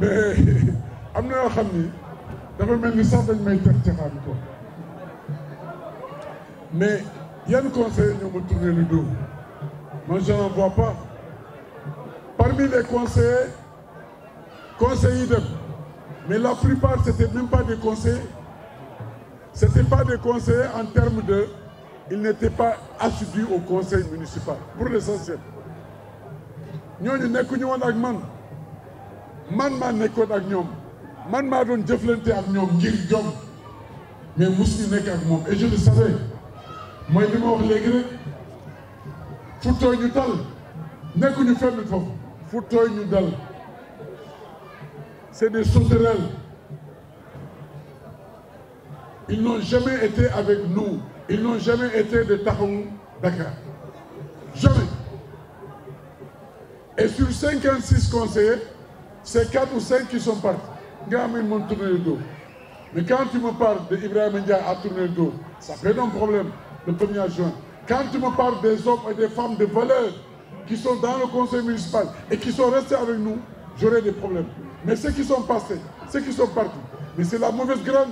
mais il y a des conseillers qui mel ni may Mais tourné le dos moi je n'en vois pas parmi les conseillers conseillers mais la plupart ce c'était même pas des conseillers c'était pas des conseillers en termes de ils n'étaient pas assidus au conseil municipal pour l'essentiel nous nekkuñu pas ak man man man nekkoon ak ñoom man maa doon jëflante ak ñoom ngir jom mais mos ñu nekk ak moom et je le savais mooy li ma wax léegi rek fu tooy ñu dal nekkuñu fenn foofu fu tooy ñu dal c'est des sauterelles ils n'ont jamais été avec nous ils n'ont jamais été de taxaw Dakar jamais et sur 56 conseillers c'est quatre ou cinq qui sont partis. ils m'ont tourné le dos. Mais quand tu me parles d'Ibrahim Ndiaye à tourner le dos, ça fait un problème le 1er juin. Quand tu me parles des hommes et des femmes de valeur qui sont dans le conseil municipal et qui sont restés avec nous, j'aurai des problèmes. Mais ceux qui sont passés, ceux qui sont partis, mais c'est la mauvaise graine.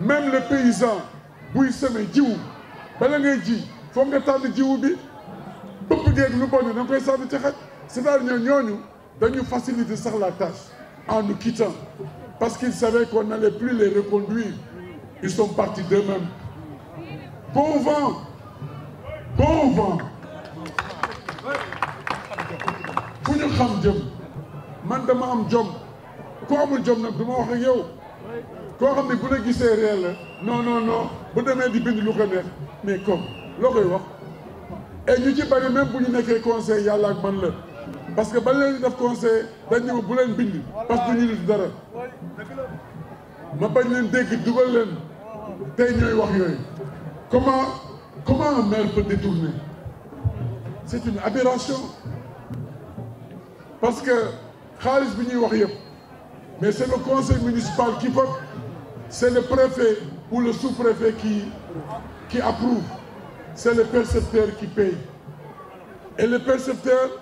Même les paysans, buy semé jiw bala ngay Faut foog nga tànn jiw bi bëpp geeg lu nous da nous koy sànni c'est-à-dire nous faciliter ça la tâche en nous quittant parce qu'ils savaient qu'on n'allait plus les reconduire. Ils sont partis d'eux-mêmes. Bon vent Bon vent Pour nous, xam jëm man dama am jom ko amul jom nak du wax ak yow ko xamni bu la réel non non non bu demee di bind lu ko neex mais comme loo wax et ñu ci bari même bu ñu nekkee conseil yalla ak man la parce que ba leen def conseil dañ ne ma bu leen parce que nous, nit dara ma bañ leen pas si leen tey ñooy wax yooyu comment comment un maire peut détourner c'est une aberration parce que xaalis bi ñuy wax mais c'est le conseil municipal qui vote c'est le préfet ou le sous-préfet qui qui approuve c'est le percepteur qui paye et le percepteur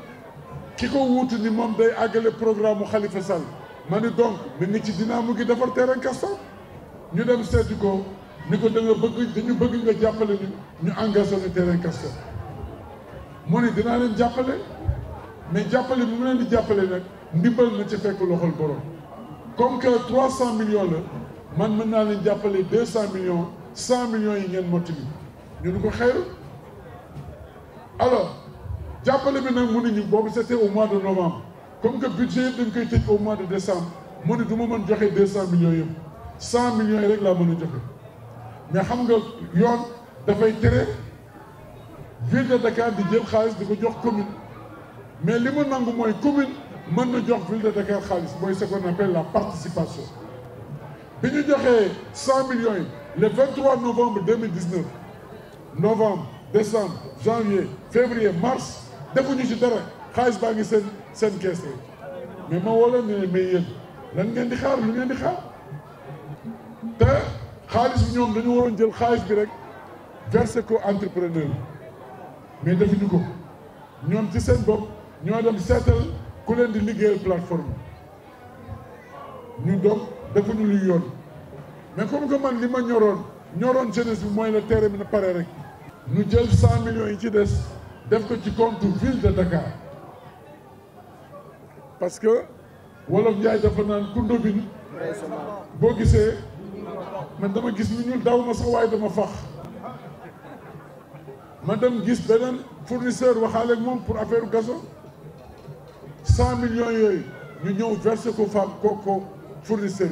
ki ko wuutu ni moom day àggale programme mu Khalifa Sall ma ni donc mi ngi ci dinaa mu ngi defar terrain ñu dem seeti ko ni ko da nga bëgg dañu bëgg nga jàppale ñu ñu engagé le terrain Castor mu ni dinaa leen jàppale mais jàppale bi mu leen di jàppale nag ndimbal na ci fekk loxol borom comme que trois cent millions la man mën naa leen jàppale deux cent millions cent millions yi ngeen mottali ñu ni ko xeer alors c'était au mois de novembre comme que budget au mois de décembre mon millions 100 millions mais xam ville de Dakar commune mais les qui ont commune mën na ville de Dakar C'est ce qu'on appelle la participation nous avons millions le 23 novembre 2019 novembre décembre janvier février mars defuñu ci dara xaalis baa ngi seen seen kees rek mais ma woo leen ne mais yéen di xaar lu ngeen di xaar te xaalis bi ñoom dañu waroon jël xaalis bi rek verser ko entrepreneur mais defuñu ko ñoom ci seen bopp ñoo dem seetal ku leen di liggéeyal plateforme ñu doog defuñu luy yoon mais comme que man li ma ñoroon ñoroon jeunesse bi mooy la terre bi na pare rek ñu jël cent millions yi ci des def ko ci compte ville de Dakar parce que wolof Njaay dafa naan kundo bin boo gisee man dama gis lu ñuul daw ma sax waaye dama fax ma dem gis beneen fournisseur waxaale ak moom pour affaire gazon 100 millions yooyu ñu ñëw versé ko femme ko ko fournisseur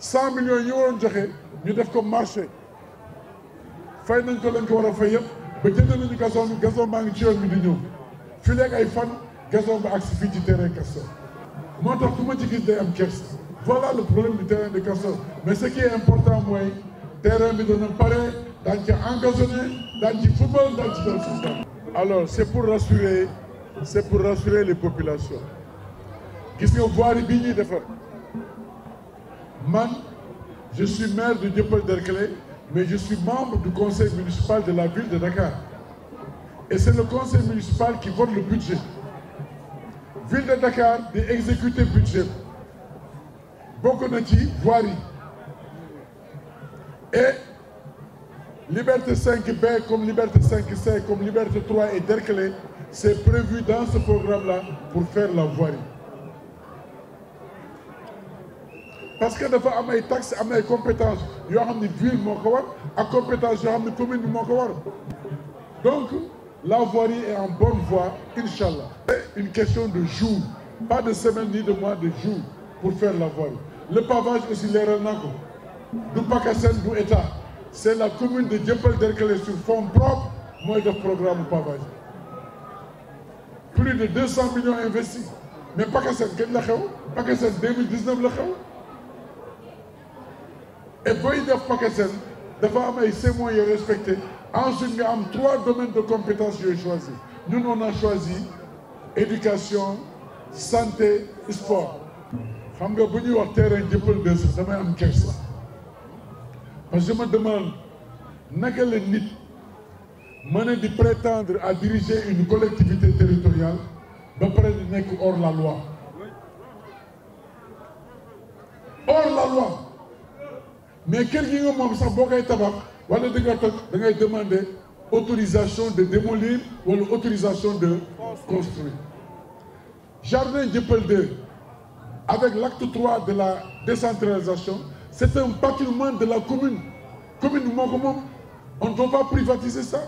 100 millions yi ñu waroon joxe ñu def ko marché fay nañ ko lañ ko war a fay yëpp ba jënd nañu gazon bi gazon baa ngi ci yoon bi di ñëw fii léegi ay fan gazon ba agsi fii ci terrain Castor moo tax ku ci gis day am kersa voilà le problème du terrain de Castor mais ce qui est important mooy terrain bi dana pare daañu ci engazonné daañu ci football daañu ci dal système alors c'est pour rassurer c'est pour rassurer les populations gis nga voirie bii ñuy defar man je suis maire de Dieuppeul-Derklé mais je suis membre du conseil municipal de la ville de Dakar. Et c'est le conseil municipal qui vote le budget. Ville de Dakar d'exécuter le budget Bokonati, voirie et liberté 5B comme liberté 5C comme liberté 3 et Derkelé, c'est prévu dans ce programme-là pour faire la voirie. parce que dafa am ay taxes am ay compétences yoo xam a ville moo ko war ak compétence yoo xam commune moo donc la voirie est en bonne voie inshallah. c'est une question de jours pas de semaine ni de mois de jours pour faire la voirie le pavage aussi leeral nako du PACASEN du état c'est la commune de Djebel est sur fonds propres mooy def programme pavage plus de 200 millions investis mais PACASEN kañ la xew 2019 la xew et booy def PACASEN dafa am moi, respecter, est respecté ensuite trois domaines de compétences j'ai choisi Nous, on a choisi éducation santé sport xam nga bu venu wax terrain de 2 sax am parce que je me demande naka la nit mën prétendre à diriger une collectivité territoriale ba près de hors la loi hors la loi mais quelqu'un qui a demandé sax autorisation de démolir ou l'autorisation de construire jardin Dieuppeul 2 avec l'acte 3 de la décentralisation c'est un patrimoine de la commune commune nous on ne doit pas privatiser ça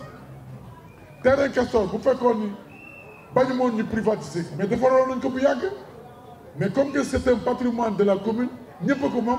terrain Castor vous faites ni bañu moon ñu privatiser mais fois on ko bu mais comme c'est un patrimoine de la commune pas ko moom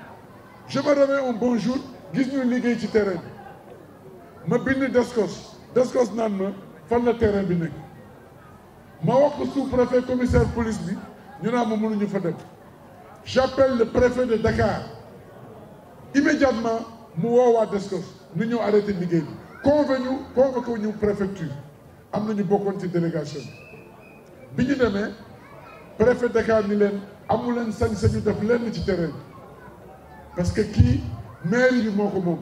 je me réveille un bon jour gis ñu liggéey ci terrain bi ma à Descos Descos naan ma le terrain bi nekk ma wax ko sous-préfet commissaire police bi ñu naan ma mënuñu fa j'appelle le préfet de Dakar immédiatement mu à Descos ñu avons arrêté liggéey bi convenu convoqué ñu préfecture am avons ñu ci délégation bi bi ñu préfet préfet Dakar ni leen amu leen sañ-sañu def lenn ci terrain parce que qui mairie bi Moko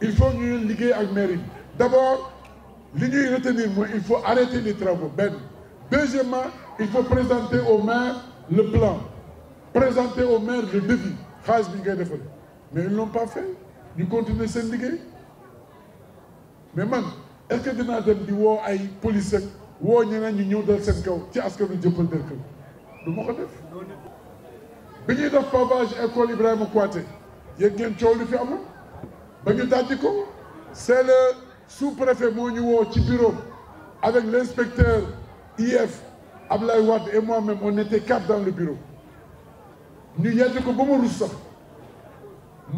il faut nous liguer avec mairie D'abord, il faut arrêter les travaux deuxièmement il faut présenter au maire le plan présenter au maire le défi mais ils l'ont pas fait Nous continuer à s'indiquer. mais man est-ce que vous avez di woo ay police bi ñuy def pavage école Ibrahima Kouaté yéen ngeen coow li fi am ba ñu dajji ko c'est le sous-préfet moo ñu woo ci bureau avec l'inspecteur IF Ablaye Wade et moi-même on était quatre dans le bureau ñu yedd ko ba ma rus sax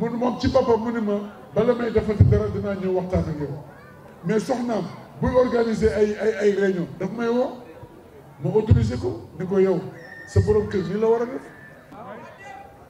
mun moom ci boppam mu ne ma bala may defati dara dinaa ñëw waxtaan ak yow mais soxnaam buy organiser ay ay ay réunion daf may woo ma autoriser ko ni ko yow sa borom kër nii la war a def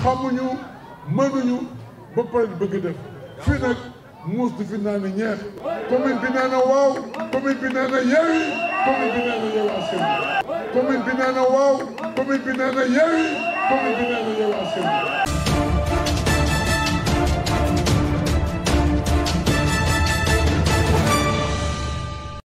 xamuñu mënuñu ba pare bëgg def fii nag naa ne ñeex commune bi nee na waaw commune bi nee na yeewi